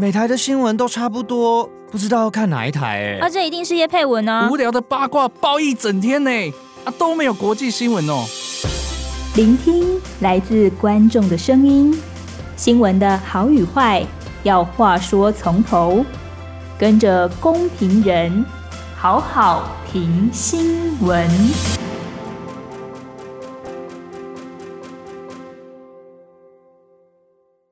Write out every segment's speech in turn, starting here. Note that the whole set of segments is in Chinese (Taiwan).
每台的新聞都差不多，不知道要看哪一台啊，這一定是葉佩文呢、啊。無聊的八卦爆一整天呢，啊都沒有國際新聞哦。聆聽來自觀眾的聲音，新聞的好與壞要話說從頭，跟着公評人好好評新聞。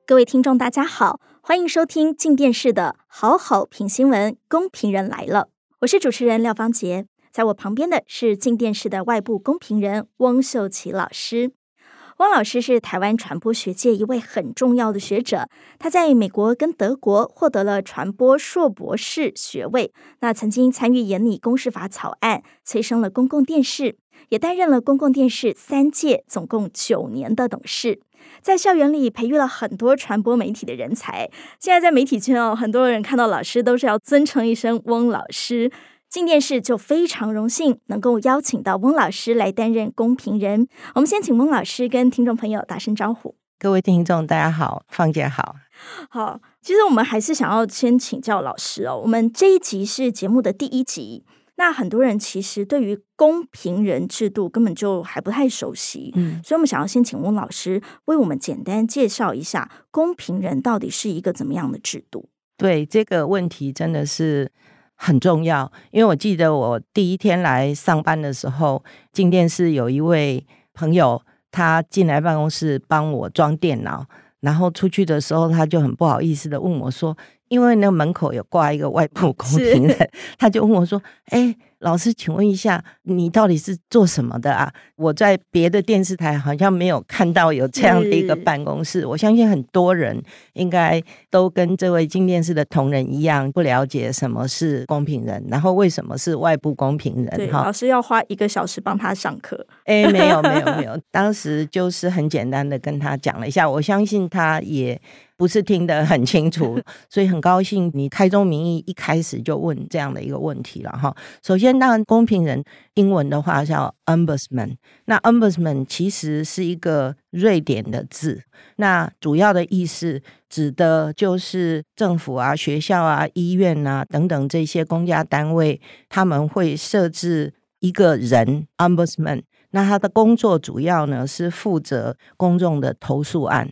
各位聽眾，大家好，歡迎收聽靜電視的好好評新聞，公評人來了。我是主持人廖芳杰，在我旁邊的是靜電視的外部公評人翁秀琪老師。翁老師是台灣傳播學界一位很重要的學者，他在美國跟德國獲得了傳播碩博士學位。那曾經參與《研擬公視法》草案，催生了公共電視，也擔任了公共電視三屆，總共九年的董事。在校園裡培育了很多傳播媒體的人才。現在在媒體圈哦，很多人看到老師都是要尊稱一聲“翁老師”。今天是非常榮幸能夠邀請到翁老師來擔任公評人。我們先請翁老師跟聽眾朋友打聲招呼。各位聽眾大家好，方姐好。好，其實我們還是想要先請教老師哦。我們這一集是節目的第一集。那很多人其實對於公評人制度根本就還不太熟悉，嗯，所以我們想要先請翁老師，為我們簡單介紹一下公評人到底是一個怎麼樣的制度？對這個問題真的是很重要，因為我記得我第一天來上班的時候，進店是有一位朋友，他進來辦公室幫我裝電腦，然後出去的時候他就很不好意思的問我說，因為那門口有掛一個外部公評人，是他就問我說：“哎、欸，老師，請問一下，你到底是做什麼的啊？我在別的電視台好像沒有看到有這樣的一個辦公室。是我相信很多人應該都跟這位進電視的同仁一樣，不了解什麼是公評人，然後為什麼是外部公評人？哈對，吼老師要花一個小時幫他上課？哎、欸，沒有，沒有，沒有，當時就是很簡單的跟他講了一下。我相信他也”不是聽得很清楚，所以很高興你開宗明義一開始就問這樣的一個問題了哈。首先，當然，公評人英文的話叫 ombudsman，那 ombudsman 其實是一個瑞典的字，那主要的意思指的就是政府啊、學校啊、醫院吶、啊、等等這些公家單位，他們會設置一個人 ombudsman，那他的工作主要呢是負責公眾的投訴案。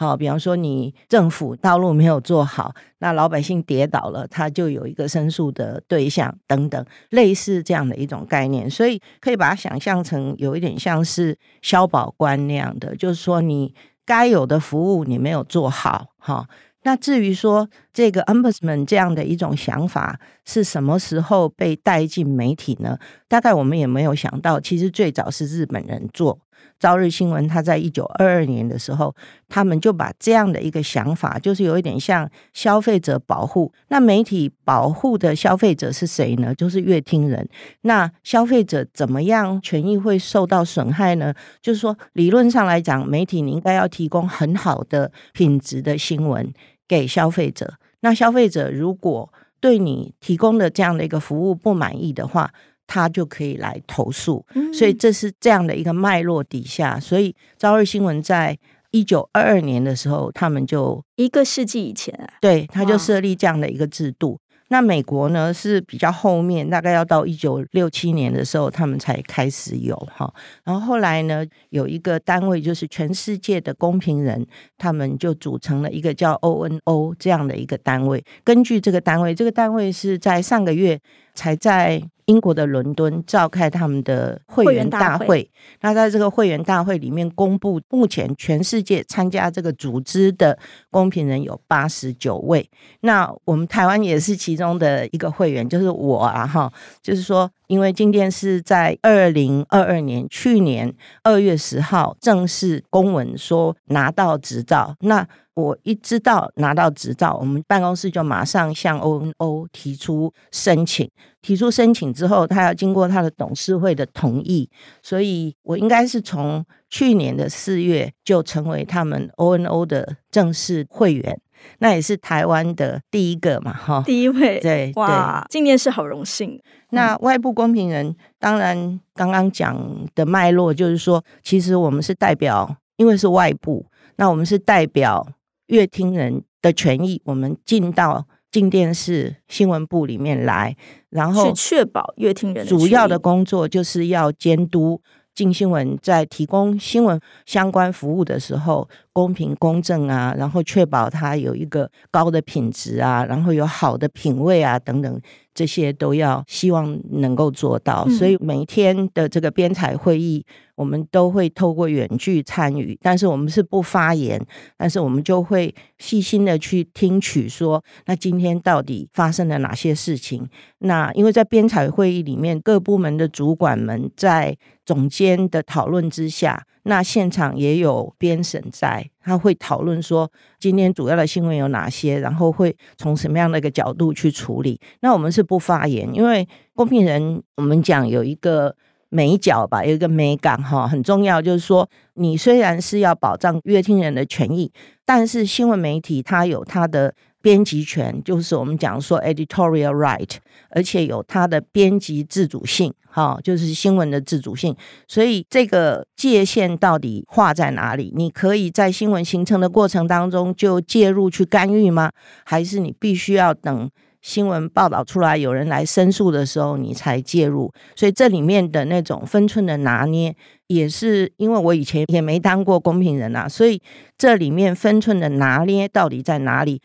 好、哦，比方說你政府道路沒有做好，那老百姓跌倒了，他就有一個申訴的對象等等，類似這樣的一種概念，所以可以把它想象成有一點像是消保官那樣的，就是說你該有的服務你沒有做好，哈、哦。那至於說這個 Ombudsman 這樣的一種想法是什麼時候被帶進媒體呢？大概我們也沒有想到，其實最早是日本人做。《朝日新聞》他在一九二二年的時候，他們就把這樣的一個想法，就是有一點像消費者保護。那媒體保護的消費者是誰呢？就是閱聽人。那消費者怎麼樣權益會受到損害呢？就是說，理論上來講，媒體你應該要提供很好的品質的新聞給消費者。那消費者如果對你提供的這樣的一個服務不滿意的話，他就可以來投訴，所以這是這樣的一個脈絡底下。所以《朝日新聞》在一九二二年的時候，他們就一個世紀以前，對，他就設立這樣的一個制度。哇那美國呢，是比較後面，大概要到一九六七年的時候，他們才開始有哈。然後後來呢，有一個單位就是全世界的公評人，他們就組成了一個叫 O N O 這樣的一個單位。根據這個單位，這個單位是在上個月才在。英國的倫敦召開他們的會員大會，會大會那在這個會員大會裡面公布，目前全世界參加這個組織的公評人有八十九位，那我們台灣也是其中的一個會員，就是我啊哈，就是說，因為今天是在二零二二年，去年二月十號正式公文說拿到執照，那。我一知道拿到執照，我們辦公室就馬上向 ONO 提出申請。提出申請之後，他要經過他的董事會的同意，所以我應該是從去年的四月就成為他們 ONO 的正式會員。那也是台灣的第一個嘛，哈，第一位，對，哇，對今年是好榮幸。那外部公評人當然剛剛講的脈絡就是說，其實我們是代表，因為是外部，那我們是代表。閱聽人的權益，我們進到鏡電視新聞部裡面來，然後去確保閱聽人主要的工作就是要監督鏡新聞，在提供新聞相關服務的時候，公平公正啊，然後確保它有一個高的品質啊，然後有好的品味啊等等，這些都要希望能夠做到。嗯、所以每一天的這個編採會議。我們都會透過遠距參與，但是我們是不發言，但是我們就會細心的去聽取說，說那今天到底發生了哪些事情？那因為在編採會議裡面，各部門的主管們在總監的討論之下，那現場也有編審在，他會討論說今天主要的新聞有哪些，然後會從什麼樣的一個角度去處理。那我們是不發言，因為公評人我們講有一個美角吧，有一個美感哈，很重要。就是說，你雖然是要保障閱聽人的權益，但是新聞媒體它有它的編輯權，就是我們講說 editorial right，而且有它的編輯自主性哈，就是新聞的自主性。所以這個界限到底劃在哪裡？你可以在新聞形成的過程當中就介入去干預嗎？還是你必須要等？新聞報道出來，有人來申訴的時候，你才介入。所以這裡面的那種分寸的拿捏，也是因為我以前也沒當過公評人，啊，所以這裡面分寸的拿捏到底在哪裡，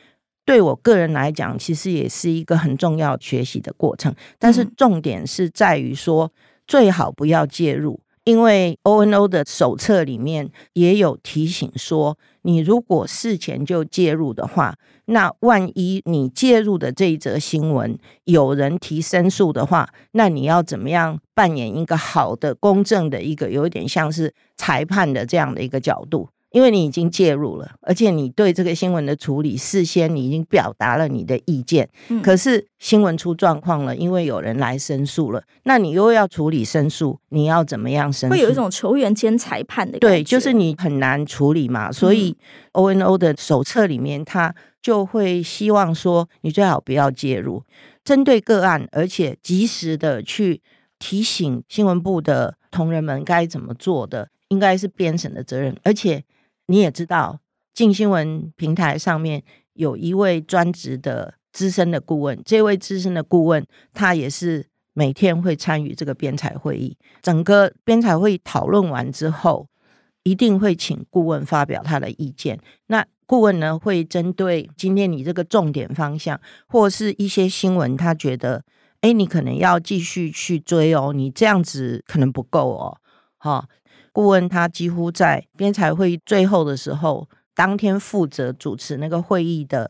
對我個人來講，其實也是一個很重要學習的過程。但是重點是在於說，最好不要介入。因為 O N O 的手冊裡面也有提醒說，你如果事前就介入的話，那萬一你介入的這一則新聞有人提申訴的話，那你要怎麼樣扮演一個好的公正的一個，有一點像是裁判的這樣的一個角度？因為你已經介入了，而且你對這個新聞的處理事先你已經表達了你的意見，嗯、可是新聞出狀況了，因為有人來申訴了，那你又要處理申訴，你要怎麼樣申訴？會有一種球員兼裁判的感覺。對，就是你很難處理嘛，所以、嗯、O N O 的手冊裡面，他就會希望說你最好不要介入針對個案，而且及時的去提醒新聞部的同仁們該怎麼做的，應該是編審的責任，而且。你也知道，進新聞平台上面有一位專職的資深的顧問。這位資深的顧問，他也是每天會參與這個編採會議。整個編採會討論完之後，一定會請顧問發表他的意見。那顧問呢，會針對今天你這個重點方向，或是一些新聞，他覺得，哎、欸，你可能要繼續去追哦，你這樣子可能不夠哦，哈、哦。顧問他幾乎在編採會議最後的時候，當天負責主持那個會議的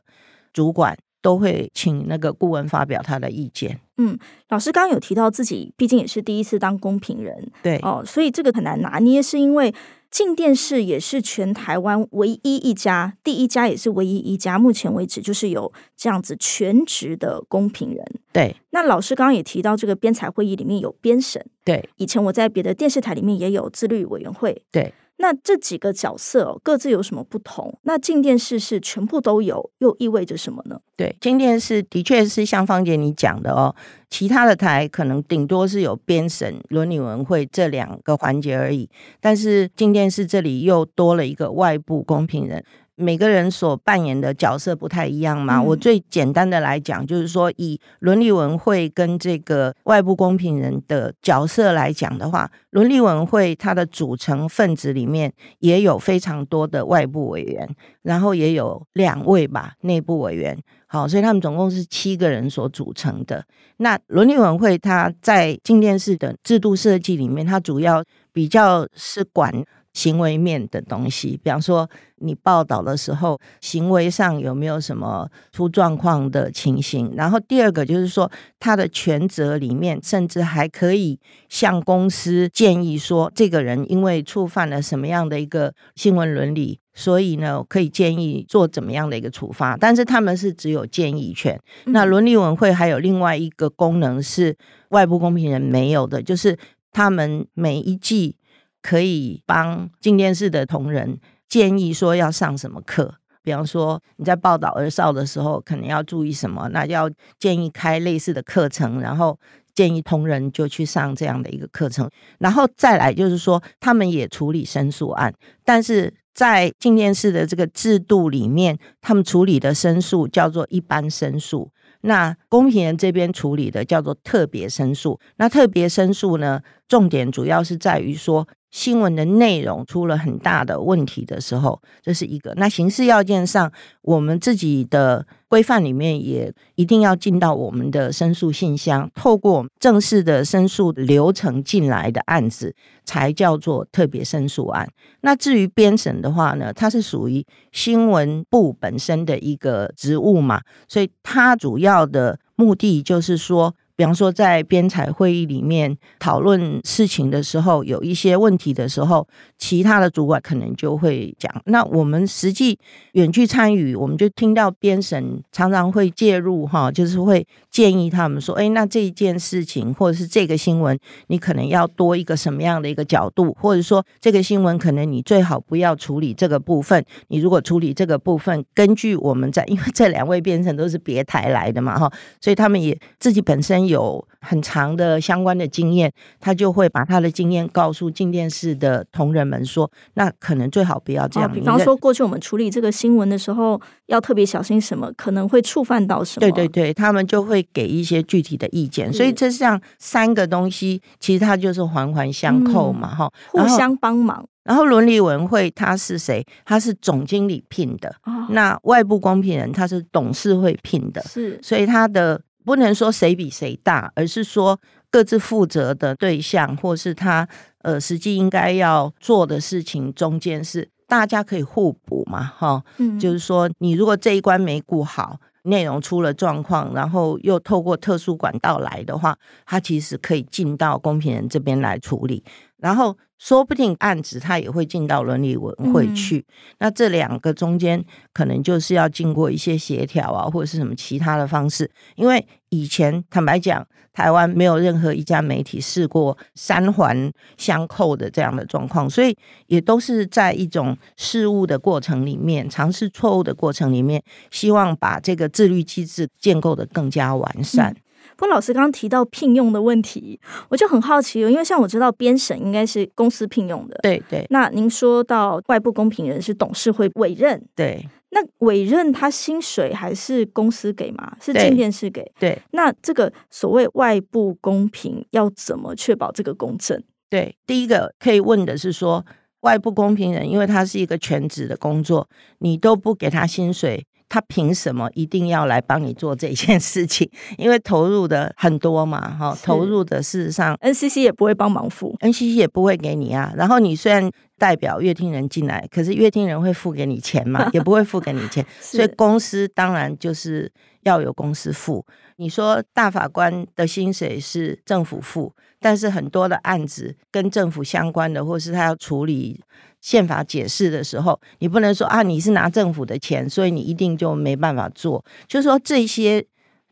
主管都會請那個顧問發表他的意見。嗯，老師剛有提到自己畢竟也是第一次當公評人，對哦，所以這個很難拿捏，是因為。鏡電視也是全台灣唯一一家，第一家也是唯一一家，目前為止就是有這樣子全職的公評人。對，那老師剛剛也提到這個編採會議裡面有編審。對，以前我在別的電視台裡面也有自律委員會。對。那這幾個角色、哦、各自有什麼不同？那鏡電視是全部都有，又意味着什麼呢？對，鏡電視的確是像芳姐你講的哦，其他的台可能頂多是有編審、倫理文會這兩個環節而已，但是鏡電視這裡又多了一個外部公評人。每個人所扮演的角色不太一樣嘛。嗯、我最簡單的來講，就是說以倫理委員會跟這個外部公評人的角色來講的話，倫理委員會它的組成分子裡面也有非常多的外部委員，然後也有兩位吧內部委員。好，所以他們總共是七個人所組成的。那倫理委員會它在鏡電視的制度設計裡面，它主要比較是管。行為面的東西，比方說你報道的時候，行為上有沒有什麼出狀況的情形？然後第二個就是說，他的權責裡面，甚至還可以向公司建議說，這個人因為觸犯了什麼樣的一個新聞倫理，所以呢，可以建議做怎麼樣的一個處罰。但是他們是只有建議權。那倫理委會還有另外一個功能是外部公評人沒有的，就是他們每一季。可以幫鏡電視的同仁建議說要上什麼課，比方說你在報道兒少的時候，可能要注意什麼，那就要建議開類似的課程，然後建議同仁就去上這樣的一個課程。然後再來就是說，他們也處理申訴案，但是在鏡電視的這個制度裡面，他們處理的申訴叫做一般申訴，那公評人這邊處理的叫做特別申訴。那特別申訴呢，重點主要是在於說。新聞的內容出了很大的問題的時候，這是一個。那形式要件上，我們自己的規範裡面也一定要進到我們的申訴信箱，透過正式的申訴流程進來的案子，才叫做特別申訴案。那至於編審的話呢，它是屬於新聞部本身的一個職務嘛，所以它主要的目的就是說。比方說，在編採會議裡面討論事情的時候，有一些問題的時候，其他的主管可能就會講。那我們實際遠距參與，我們就聽到編審常常會介入，哈，就是會建議他們說，哎、欸，那這一件事情或者是這個新聞，你可能要多一個什麼樣的一個角度，或者說這個新聞可能你最好不要處理這個部分。你如果處理這個部分，根據我們在，因為這兩位編審都是別台來的嘛，哈，所以他們也自己本身。有很長的相關的經驗，他就會把他的經驗告訴靜電視的同仁們說：“那可能最好不要這樣。哦”比方說，過去我們處理這個新聞的時候，為要特別小心什麼，可能會觸犯到什麼。對對對，他們就會給一些具體的意見。是所以，這像三個東西，其實它就是環環相扣嘛，哈、嗯，互相幫忙。然後，倫理委員會他是誰？他是總經理聘的。哦、那外部公評人他是董事會聘的，是，所以他的。不能說誰比誰大，而是說各自負責的對象，或是他呃實際應該要做的事情中間是大家可以互補嘛，哈，嗯、就是說你如果這一關沒顧好，內容出了狀況，然後又透過特殊管道來的話，他其實可以進到公評人這邊來處理，然後。說不定案子他也會進到倫理文會去，嗯、那這兩個中間可能就是要經過一些協調啊，或者是什麼其他的方式。因為以前坦白講，台灣沒有任何一家媒體試過三環相扣的這樣的狀況，所以也都是在一種試誤的過程裡面，嘗試錯誤的過程裡面，希望把這個自律機制建構得更加完善。嗯不過老師剛剛提到聘用的問題，我就很好奇哦，因為像我知道編審應該是公司聘用的，對對。對，那您說到外部公評人是董事會委任，對。那委任他薪水還是公司給嗎？是電視是給，對？對。那這個所謂外部公評要怎麼確保這個公正？對，第一個可以問的是說，外部公評人因為他是一個全職的工作，你都不給他薪水。他憑什麼一定要來幫你做這件事情？因為投入的很多嘛，哈是，投入的事實上，NCC 也不會幫忙付，NCC 也不會給你啊。然後你雖然。代表閱聽人進來，可是閱聽人會付給你錢嘛，也不會付給你錢， 是所以公司當然就是要由公司付。你說大法官的薪水是政府付，但是很多的案子跟政府相關的，或是他要處理憲法解釋的時候，你不能說啊，你是拿政府的錢，所以你一定就沒辦法做。就是說，這些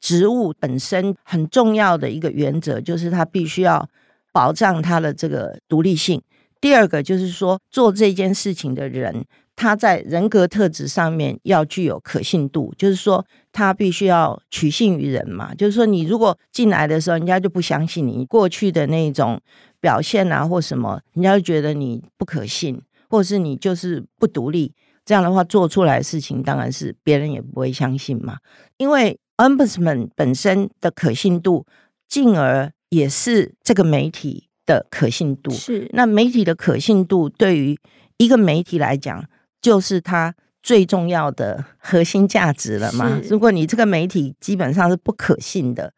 職務本身很重要的一個原則，就是他必須要保障他的這個獨立性。第二個就是說，做這件事情的人，他在人格特質上面要具有可信度，就是說他必須要取信於人嘛。就是說，你如果進來的時候，人家就不相信你過去的那一種表現啊，或什麼，人家就覺得你不可信，或者是你就是不獨立。這樣的話，做出來的事情當然是別人也不會相信嘛。因為 Ombudsman 本身的可信度，進而也是這個媒體。的可信度，是那媒體的可信度。對於一個媒體來講，就是它最重要的核心價值了嘛。是如果你這個媒體基本上是不可信的，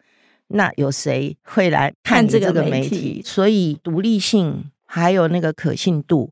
那有誰會來看這個媒體？媒體所以獨立性還有那個可信度，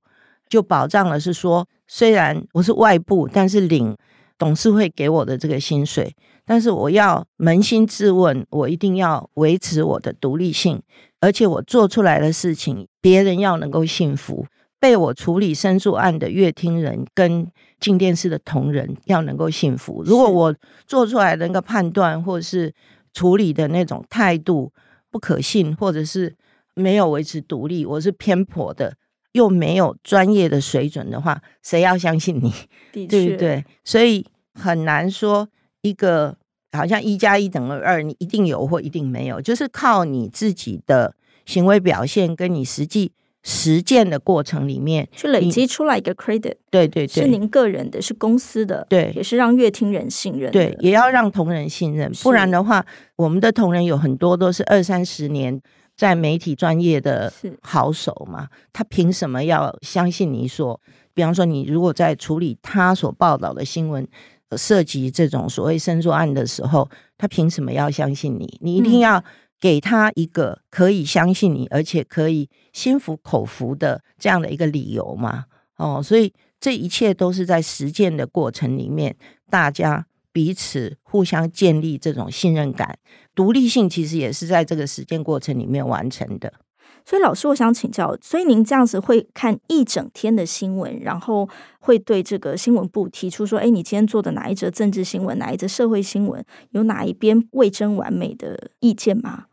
就保障了是說，雖然我是外部，但是領董事會給我的這個薪水，但是我要捫心自問，我一定要維持我的獨立性。而且我做出來的事情，別人要能夠信服；被我處理申訴案的閱聽人跟進電視的同仁，要能夠信服。是如果我做出來的那個判斷，或者是處理的那種態度不可信，或者是沒有維持獨立，我是偏頗的，又沒有專業的水準的話，誰要相信你？的確對不對？所以很難說一個。好像一加一等於二，你一定有或一定沒有，就是靠你自己的行為表現，跟你實際實踐的過程裡面去累積出來一個 credit。對對對，是您個人的，是公司的，對，也是讓閱聽人信任，對，也要讓同仁信任，不然的話，是我們的同仁有很多都是二三十年在媒體專業的好手嘛，是他憑什麼要相信你說，比方說，你如果在處理他所報道的新聞。涉及這種所謂申訴案的時候，他憑什麼要相信你？你一定要給他一個可以相信你，而且可以心服口服的這樣的一個理由嗎？哦，所以這一切都是在實踐的過程裡面，大家彼此互相建立這種信任感，獨立性其實也是在這個實踐過程裡面完成的。所以，老師，我想請教，所以您這樣子會看一整天的新聞，然後會對這個新聞部提出說，哎，你今天做的哪一則政治新聞，哪一則社會新聞，有哪一邊未臻完美的意見嗎？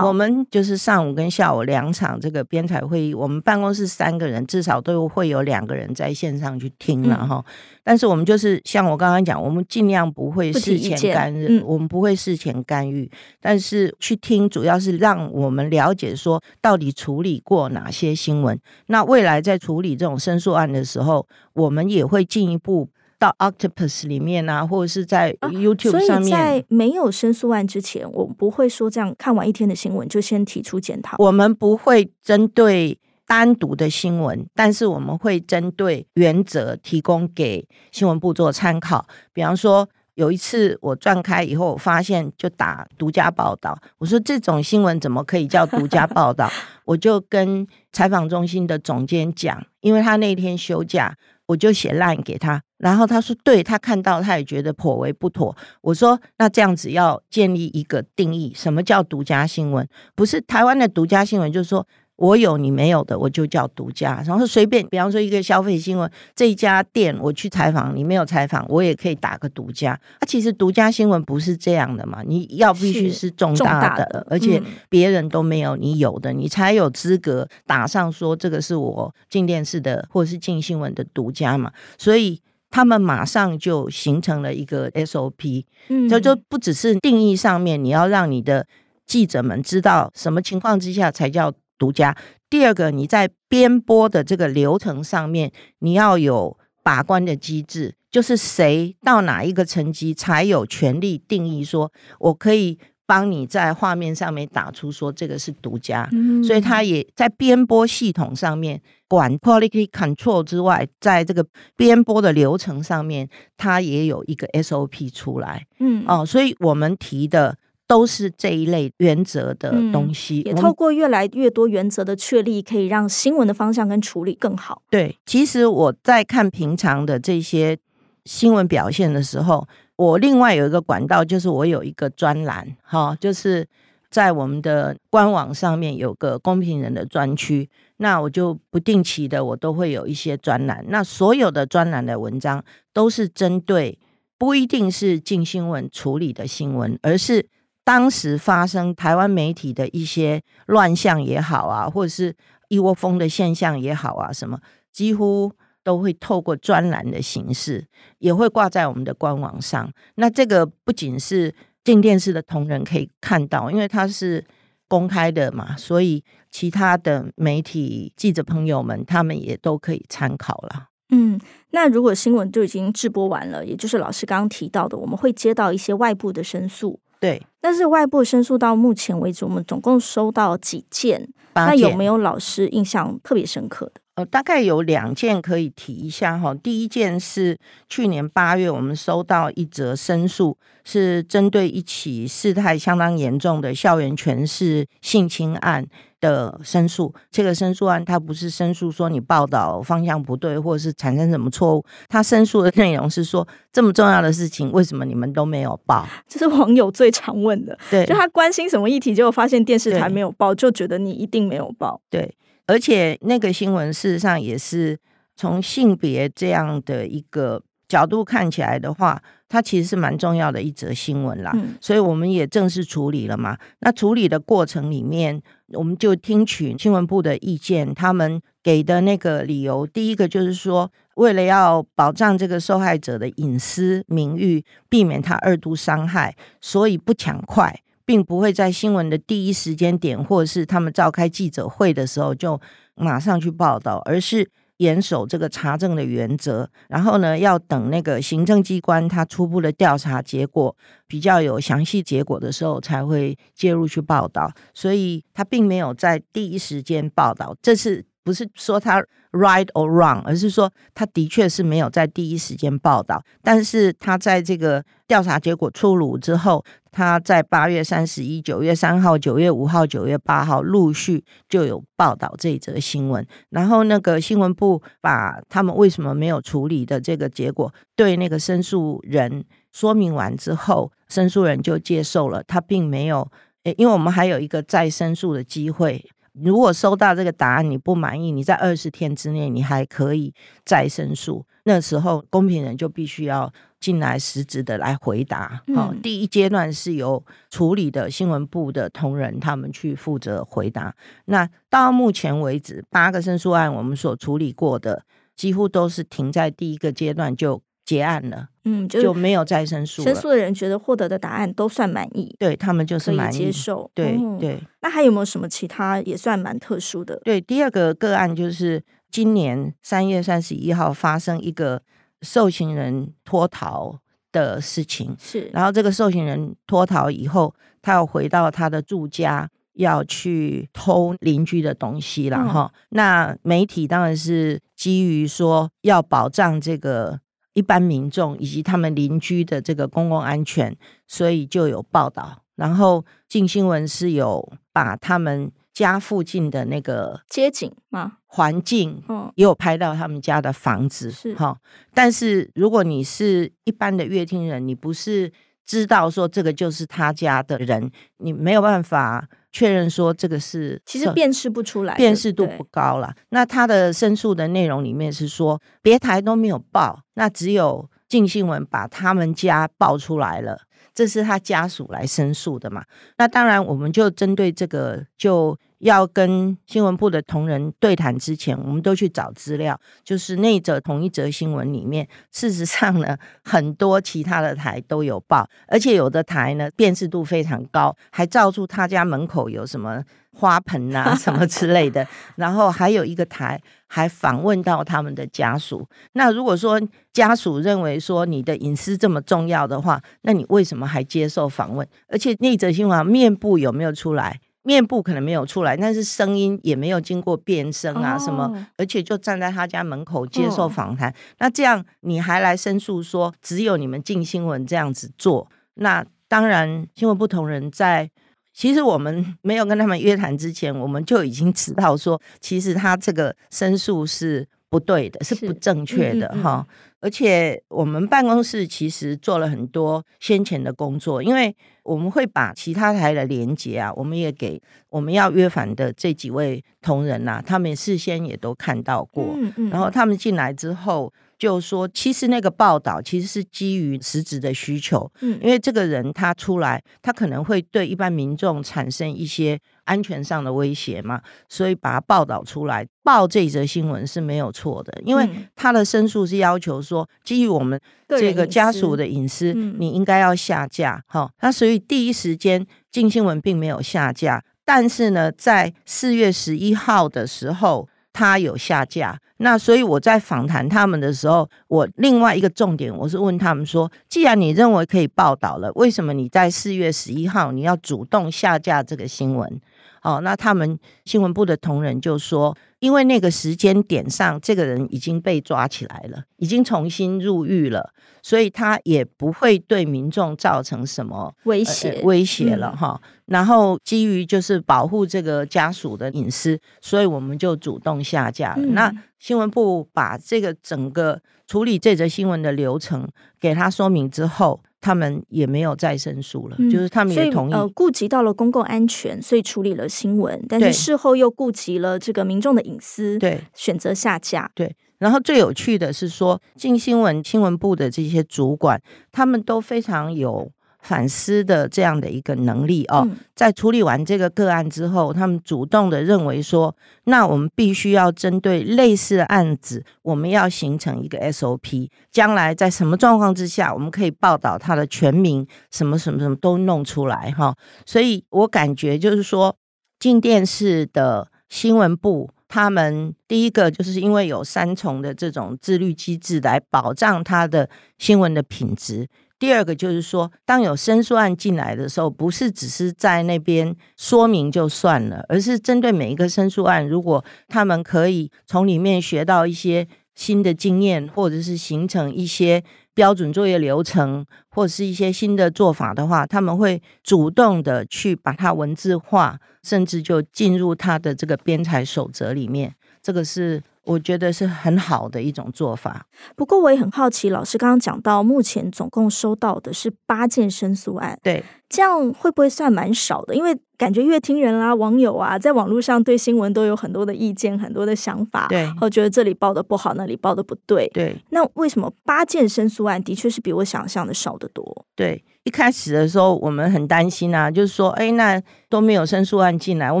我們就是上午跟下午兩場這個編採會議，我們辦公室三個人至少都會有兩個人在線上去聽了哈。嗯、但是我們就是像我剛剛講，我們儘量不會事前干預，嗯、我們不會事前干預。但是去聽主要是讓我們了解說到底處理過哪些新聞，那未來在處理這種申訴案的時候，我們也會進一步。到 Octopus 裡面啊，或者是在 YouTube 上面。啊、在沒有申訴案之前，我不會說這樣看完一天的新聞就先提出檢討。我們不會針對單獨的新聞，但是我們會針對原則提供給新聞部做參考。比方說，有一次我轉開以後，發現就打獨家報道，我說這種新聞怎麼可以叫獨家報道？ 我就跟採訪中心的總監講，因為他那天休假，我就寫 LINE 給他。然後他說對：“對，他看到，他也覺得頗為不妥。”我說：“那這樣子要建立一個定義，什麼叫獨家新聞？不是台灣的獨家新聞，就是說我有你沒有的，我就叫獨家。然後隨便，比方說一個消費新聞，這家店我去採訪，你沒有採訪，我也可以打個獨家。啊，其實獨家新聞不是這樣的嘛，你要必須是重大的，大的而且別人都沒有你有的，嗯、你才有資格打上說這個是我進電視的或者是進新聞的獨家嘛。所以。”他們馬上就形成了一個 SOP，就、嗯、就不只是定義上面，你要讓你的記者們知道什麼情況之下才叫獨家。第二個，你在編播的這個流程上面，你要有把關的機制，就是誰到哪一個層級才有權利定義說，我可以幫你在畫面上面打出說這個是獨家。嗯嗯，所以他也在編播系統上面。管 quality control 之外，在這個編播的流程上面，它也有一個 SOP 出來，嗯，哦，所以我們提的都是這一類原則的東西、嗯。也透過越來越多原則的確立，我可以讓新聞的方向跟處理更好。對，其實我在看平常的這些新聞表現的時候，我另外有一個管道，就是我有一個專欄，哈，就是在我們的官網上面有個公評人的專區。那我就不定期的，我都會有一些專欄。那所有的專欄的文章都是針對，不一定是鏡新聞處理的新聞，而是當時發生台灣媒體的一些亂象也好啊，或者是一窩蜂的現象也好啊，什麼幾乎都會透過專欄的形式，也會掛在我們的官網上。那這個不僅是鏡電視的同仁可以看到，因為它是。公開的嘛，所以其他的媒體記者朋友們，他們也都可以參考了。嗯，那如果新聞就已經直播完了，也就是老師剛剛提到的，我們會接到一些外部的申訴。對，但是外部的申訴到目前為止，我們總共收到幾件？八件。那有沒有老師印象特別深刻的？呃，大概有兩件可以提一下哈。第一件是去年八月，我們收到一則申訴，是針對一起事態相當嚴重的校園權勢性侵案的申訴。這個申訴案，它不是申訴說你報道方向不對，或是產生什麼錯誤。它申訴的內容是說，這麼重要的事情，為什麼你們都沒有報？這是網友最常問的。對，就他關心什麼議題，結果發現電視台沒有報，對，就覺得你一定沒有報。對。而且那個新聞事實上也是從性別這樣的一個角度看起來的話，它其實是蠻重要的一則新聞啦。嗯、所以我們也正式處理了嘛。那處理的過程裡面，我們就聽取新聞部的意見，他們給的那個理由，第一個就是說，為了要保障這個受害者的隱私、名譽，避免他二度傷害，所以不搶快。並不會在新聞的第一時間點，或者是他們召開記者會的時候就馬上去報道，而是嚴守這個查證的原則。然後呢，要等那個行政機關他初步的調查結果比較有詳細結果的時候，才會介入去報道。所以他並沒有在第一時間報道，這是。不是說他 right or wrong，而是說他的確是沒有在第一時間報道，但是他在這個調查結果出爐之後，他在八月三十一、九月三號、九月五號、九月八號陸續就有報道這則新聞。然後那個新聞部把他們為什麼沒有處理的這個結果對那個申訴人說明完之後，申訴人就接受了，他並沒有，欸，因為我們還有一個再申訴的機會。如果收到這個答案你不滿意，你在二十天之內你還可以再申訴。那時候公評人就必須要進來實質的來回答。哦、嗯，第一階段是由處理的新聞部的同仁他們去負責回答。那到目前為止，八個申訴案我們所處理過的，幾乎都是停在第一個階段就結案了。嗯，就沒有再申訴。申訴的人覺得獲得的答案都算滿意，對，他們就是滿意。可以接受。對對，嗯、對，那還有沒有什麼其他也算蠻特殊的？對，第二個個案就是今年三月三十一號發生一個受刑人脫逃的事情。是，然後這個受刑人脫逃以後，他要回到他的住家，要去偷鄰居的東西了哈、嗯。那媒體當然是基於說要保障這個。一般民眾以及他們鄰居的這個公共安全，所以就有報道。然後，鏡新聞是有把他們家附近的那個街景嘛，環境，也有拍到他們家的房子，是哈。但是，如果你是一般的閱聽人，你不是知道說這個就是他家的人，你沒有辦法。確認說這個是，其實辨識不出來，辨識度不高了。對 那他的申訴的內容裡面是說，別台都沒有報，那只有鏡新聞把他們家報出來了。這是他家屬來申訴的嘛？那當然，我們就針對這個就。要跟新聞部的同仁對談之前，我們都去找資料。就是那則同一則新聞裡面，事實上呢，很多其他的台都有報，而且有的台呢，辨識度非常高，還照出他家門口有什麼花盆啊什麼之類的。 然後還有一個台還訪問到他們的家屬。那如果說家屬認為說你的隱私這麼重要的話，那你為什麼還接受訪問？而且那則新聞啊，面部有沒有出來？面部可能沒有出來，但是聲音也沒有經過變聲啊什麼，Oh. 而且就站在他家門口接受訪談。Oh. 那這樣你還來申訴說只有你們進新聞這樣子做？那當然，新聞不同人在其實我們沒有跟他們約談之前，我們就已經知道說，其實他這個申訴是不對的，是。是不正確的哈。嗯嗯而且我們辦公室其實做了很多先前的工作，因為我們會把其他台的連接啊，我們也給我們要約訪的這幾位同仁吶、啊，他們事先也都看到過，嗯嗯、然後他們進來之後。就是說，其實那個報道其實是基於實質的需求，嗯、因為這個人他出來，他可能會對一般民眾產生一些安全上的威脅嘛，所以把他報道出來，報這則新聞是沒有錯的。因為他的申訴是要求說，基於我們這個家屬的隱私，隱私你應該要下架哈、嗯。那所以第一時間，鏡新聞並沒有下架，但是呢，在四月十一號的時候。他有下架，那所以我在訪談他們的時候，我另外一個重點，我是問他們說：既然你認為可以報道了，為什麼你在四月十一號你要主動下架這個新聞？哦，那他們新聞部的同仁就說。因為那個時間點上，這個人已經被抓起來了，已經重新入獄了，所以他也不會對民眾造成什麼威脅、呃、威脅了哈。嗯、然後基於就是保護這個家屬的隱私，所以我們就主動下架了。嗯、那新聞部把這個整個處理這則新聞的流程給他說明之後，他們也沒有再申訴了，嗯、就是他們也同意。呃，顧及到了公共安全，所以處理了新聞，但是事後又顧及了這個民眾的。隱私，對，選擇下架對，然後最有趣的是說，鏡新聞新聞部的這些主管，他們都非常有反思的這樣的一個能力哦。嗯、在處理完這個個案之後，他們主動的認為說，那我們必須要針對類似的案子，我們要形成一個 SOP，將來在什麼狀況之下，我們可以報道他的全名，什麼什麼什麼都弄出來哈、哦。所以我感覺就是說，鏡電視的新聞部。他們第一個就是因為有三重的這種自律機制來保障他的新聞的品質。第二個就是說，當有申訴案進來的時候，不是只是在那邊說明就算了，而是針對每一個申訴案，如果他們可以從裡面學到一些新的經驗，或者是形成一些。標準作業流程，或者是一些新的做法的話，他們會主動的去把它文字化，甚至就進入他的這個編採守則裡面。這個是我覺得是很好的一種做法。不過我也很好奇，老師剛剛講到，目前總共收到的是八件申訴案，對，這樣會不會算蠻少的？因為感覺越聽人啦、啊，網友啊，在網絡上對新聞都有很多的意見，很多的想法。對，然後覺得這裡報的不好，那裡報的不對。對，那為什麼八件申訴案的確是比我想象的少得多？對，一開始的時候我們很擔心啊，就是說，哎，那都沒有申訴案進來，我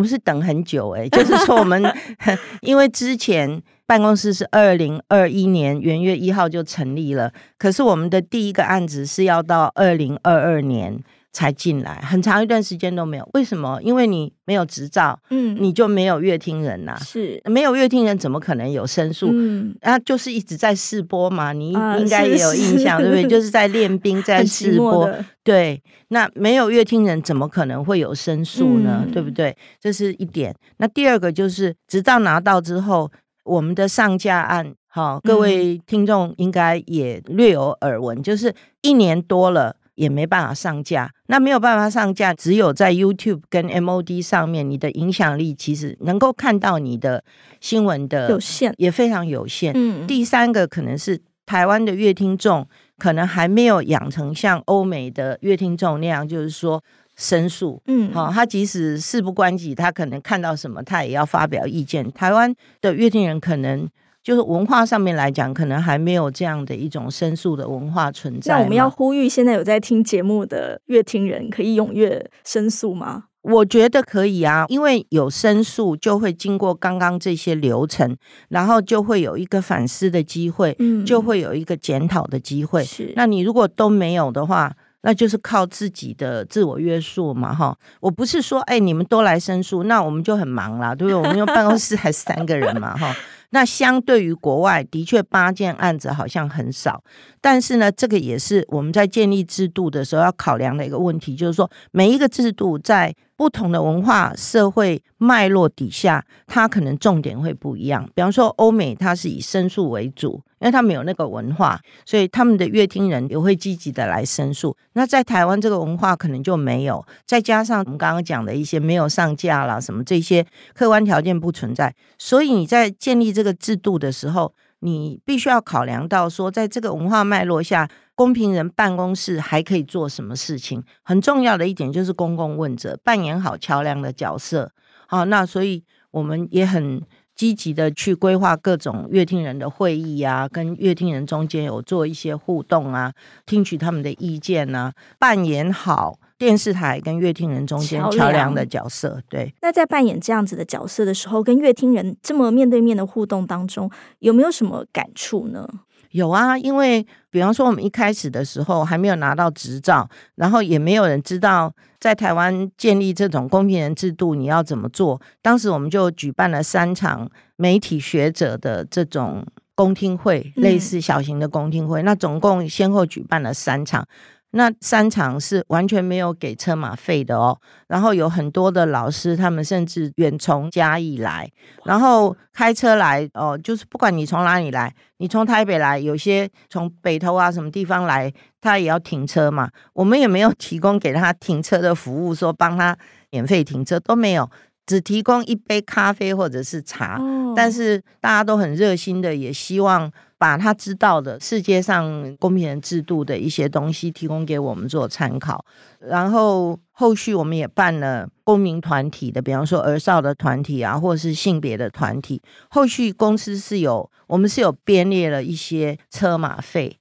們是等很久、欸。哎，就是說，我們 因為之前辦公室是二零二一年元月一號就成立了，可是我們的第一個案子是要到二零二二年。才進來，很長一段時間都沒有。為什麼？因為你沒有執照，嗯，你就沒有閱聽人吶、啊，是。沒有閱聽人，怎麼可能有申訴？嗯，那、啊、就是一直在試播嘛，你應該也有印象，啊、對不對？就是在練兵，在試播。對，那沒有閱聽人，怎麼可能會有申訴呢？嗯、對不對？這是一點。那第二個就是執照拿到之後，我們的上架案，好，各位聽眾應該也略有耳聞，嗯、就是一年多了。也沒辦法上架，那沒有辦法上架，只有在 YouTube 跟 MOD 上面，你的影響力其實能夠看到你的新聞的有限，也非常有限。嗯，第三個可能是台灣的閱聽眾可能還沒有養成像歐美的閱聽眾那樣，就是說申訴。嗯、哦，他即使事不關己，他可能看到什麼，他也要發表意見。台灣的閱聽人可能。就是文化上面來講，可能還沒有這樣的一種申訴的文化存在。那我們要呼籲現在有在聽節目的樂聽人，可以踴躍申訴嗎？我覺得可以啊，因為有申訴就會經過剛剛這些流程，然後就會有一個反思的機會，嗯，就會有一個檢討的機會。是，那你如果都沒有的話，那就是靠自己的自我約束嘛，哈。我不是說哎，你們都來申訴，那我們就很忙啦，對不對？我們用辦公室還是三個人嘛，哈。 那相對於國外，的確八件案子好像很少，但是呢，這個也是我們在建立制度的時候要考量的一個問題，就是說每一個制度在不同的文化社會脈絡底下，它可能重點會不一樣。比方說，歐美它是以申訴為主。因為他們有那個文化，所以他們的閱聽人也會積極的來申訴。那在台灣這個文化可能就沒有，再加上我們剛剛講的一些沒有上架啦、什麼這些客觀條件不存在，所以你在建立這個制度的時候，你必須要考量到說，在這個文化脈絡下，公評人辦公室還可以做什麼事情？很重要的一點就是公共問責，扮演好橋樑的角色。好，那所以我們也很。積極的去規劃各種閱聽人的會議啊，跟閱聽人中間有做一些互動啊，聽取他們的意見啊，扮演好電視台跟閱聽人中間橋樑的角色。對，那在扮演這樣子的角色的時候，跟閱聽人這麼面對面的互動當中，有沒有什麼感觸呢？有啊，因為比方說我們一開始的時候還沒有拿到執照，然後也沒有人知道在台灣建立這種公評人制度你要怎麼做。當時我們就舉辦了三場媒體學者的這種公聽會，類似小型的公聽會，嗯、那總共先後舉辦了三場。那三場是完全沒有給車馬費的哦，然後有很多的老師，他們甚至遠從嘉義來，然後開車來哦，就是不管你從哪裡來，你從台北來，有些從北投啊什麼地方來，他也要停車嘛，我們也沒有提供給他停車的服務，說幫他免費停車都沒有，只提供一杯咖啡或者是茶，但是大家都很熱心的，也希望。把他知道的世界上公評人制度的一些東西提供給我們做參考，然後後續我們也辦了公民團體的，比方說兒少的團體啊，或者是性別的團體。後續公司是有，我們是有編列了一些車馬費，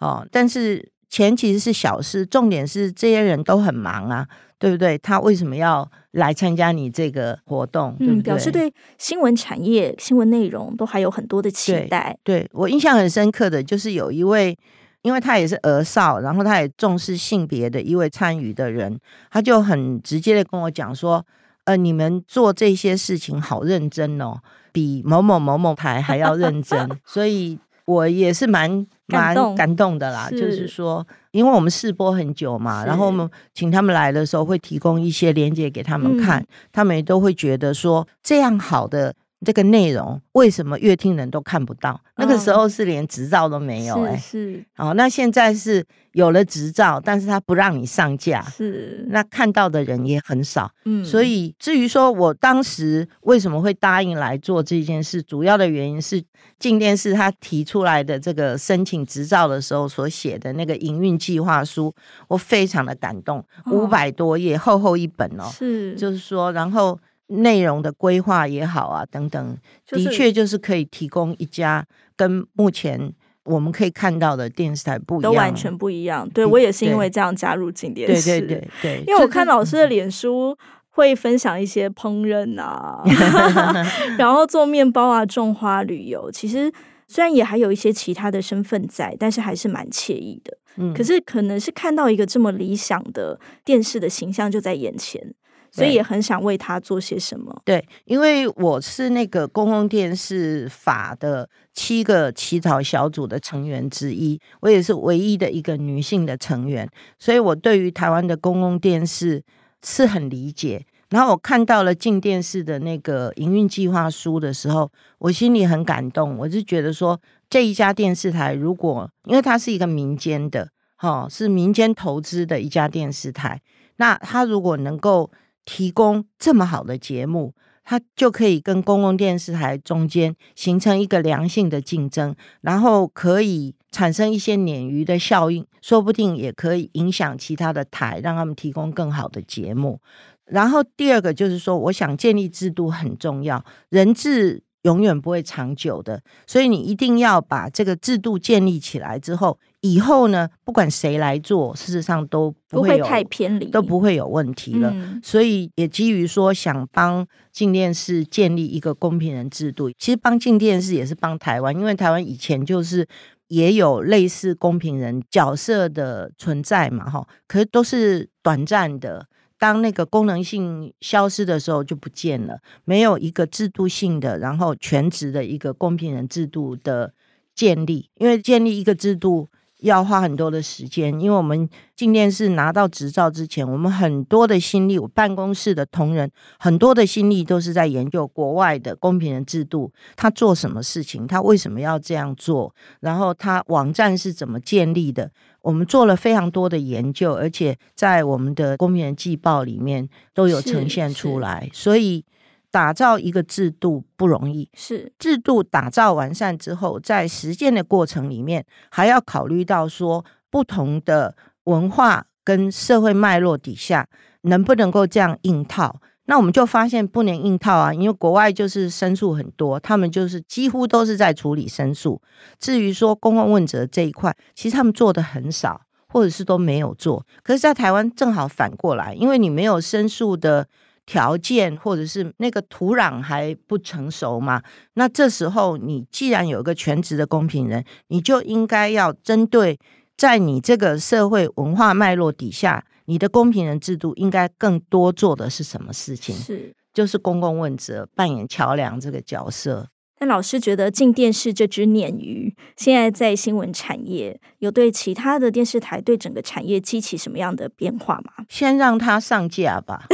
哦，但是錢其實是小事，重點是這些人都很忙啊。對不對？他為什麼要來參加你這個活動？對對嗯，表示對新聞產業、新聞內容都還有很多的期待。對，對我印象很深刻的就是有一位，因為他也是兒少，然後他也重視性別的一位參與的人，他就很直接的跟我講說：“呃，你們做這些事情好認真哦，比某某某某台還要認真。” 所以，我也是蠻。蠻感動的啦，是，就是說，因為我們試播很久嘛，是然後我們請他們來的時候，會提供一些鏈接給他們看，嗯、他們也都會覺得說這樣好的。這個內容為什麼樂聽人都看不到？哦、那個時候是連執照都沒有哎、欸，是。哦。那現在是有了執照，但是他不讓你上架。是。那看到的人也很少。嗯。所以至於說我當時為什麼會答應來做這件事，主要的原因是鏡電視他提出來的這個申請執照的時候所寫的那個營運計劃書，我非常的感動，五百，哦、多頁，厚厚一本哦。是。就是說，然後。內容的規劃也好啊，等等，的確就是可以提供一家跟目前我們可以看到的電視台不一樣，都完全不一樣。對，我也是因為這樣加入進電視，對對對對，因為我看老師的臉書會分享一些烹飪啊， 然後做麵包啊，種花、旅遊，其實雖然也還有一些其他的身份在，但是還是蠻愜意的。嗯，可是可能是看到一個這麼理想的電視的形象就在眼前。所以也很想為他做些什麼對。對，因為我是那個公共電視法的七個起草小組的成員之一，我也是唯一的一個女性的成員，所以我對於台灣的公共電視是很理解。然後我看到了鏡電視的那個營運計劃書的時候，我心裡很感動。我就覺得說，這一家電視台如果，因為它是一個民間的，哈，是民間投資的一家電視台，那它如果能夠提供這麼好的節目，它就可以跟公共電視台中間形成一個良性的競爭，然後可以產生一些鯰魚的效應，說不定也可以影響其他的台，讓他們提供更好的節目。然後第二個就是說，我想建立制度很重要，人治永遠不會長久的，所以你一定要把這個制度建立起來之後。以後呢，不管誰來做，事實上都不會有不會太偏離，都不會有問題了。嗯、所以也基於說，想幫鏡電視建立一個公評人制度。其實幫鏡電視也是幫台灣，因為台灣以前就是也有類似公評人角色的存在嘛，哈。可是都是短暫的，當那個功能性消失的時候就不見了，沒有一個制度性的，然後全職的一個公評人制度的建立。因為建立一個制度，要花很多的時間，因為我們鏡電視拿到執照之前，我們很多的心力，我辦公室的同仁很多的心力都是在研究國外的公評人制度，他做什麼事情，他為什麼要這樣做，然後他網站是怎麼建立的，我們做了非常多的研究，而且在我們的公評人季報裡面都有呈現出來，所以。打造一個制度不容易，是制度打造完善之後，在實踐的過程裡面，還要考慮到說不同的文化跟社會脈絡底下能不能夠這樣硬套。那我們就發現不能硬套啊，因為國外就是申訴很多，他們就是幾乎都是在處理申訴。至於說公共問責這一塊，其實他們做得很少，或者是都沒有做。可是，在台灣正好反過來，因為你沒有申訴的。條件或者是那個土壤還不成熟嘛？那這時候你既然有一個全職的公評人，你就應該要針對在你這個社會文化脈絡底下，你的公評人制度應該更多做的是什麼事情？是，就是公共問責，扮演橋樑這個角色。那老師覺得，進電視這只鯰魚，現在在新聞產業有對其他的電視台、對整個產業激起什麼樣的變化嗎？先讓它上架吧，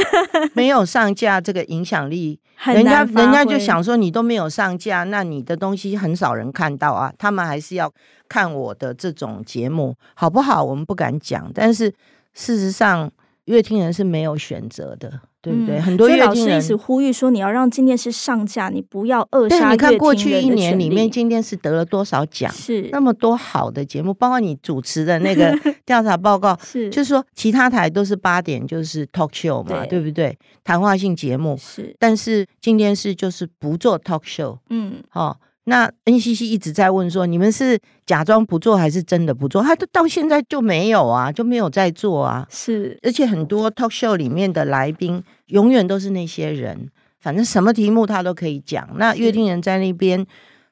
沒有上架這個影響力， 人家很難發揮。人家就想說，你都沒有上架，那你的東西很少人看到啊。他們還是要看我的這種節目，好不好？我們不敢講，但是事實上。閱聽人是沒有選擇的，對不對？嗯、很多閱聽人老師一直呼籲說，你要讓鏡電視上架，你不要扼殺。但你看過去一年裡面，鏡電視得了多少獎？是那麼多好的節目，包括你主持的那個調查報告， 是就是說其他台都是八點就是 talk show 嘛，對，對不對？談話性節目是，但是鏡電視就是不做 talk show。嗯、好、哦。那 NCC 一直在問說，你們是假裝不做還是真的不做？他都到現在就沒有啊，就沒有在做啊。是，而且很多 talk show 裡面的來賓永遠都是那些人，反正什麼題目他都可以講。那約定人在那邊，是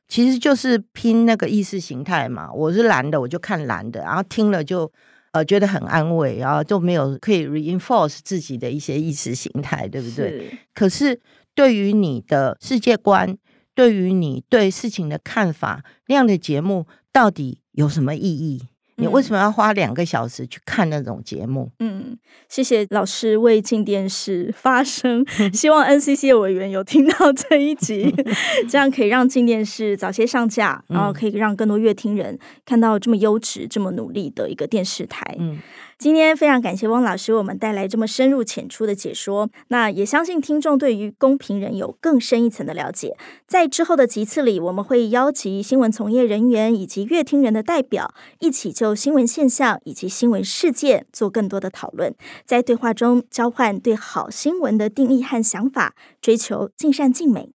其實就是拼那個意識形態嘛。我是藍的，我就看藍的，然後聽了就呃覺得很安慰啊，然後就沒有可以 reinforce 自己的一些意識形態，對不對？是，可是對於你的世界觀。對於你對事情的看法，那樣的節目到底有什麼意義？你為什麼要花兩個小時去看那種節目？嗯，謝謝老師為鏡電視發聲，嗯、希望 NCC 的委員有聽到這一集，嗯、這樣可以讓鏡電視早些上架，嗯、然後可以讓更多閱聽人看到這麼優質、這麼努力的一個電視台。嗯。今天非常感謝翁老師為我們帶來這麼深入淺出的解說。那也相信聽眾對於公評人有更深一層的了解。在之後的集次裡，我們會邀集新聞從業人員以及閱聽人的代表一起就新聞現象以及新聞事件做更多的討論，在對話中交換對好新聞的定義和想法，追求盡善盡美。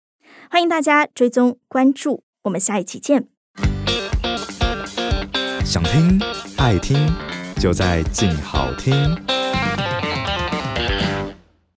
歡迎大家追蹤關注，我們下一期見。想聽，愛聽。就在靜好聽。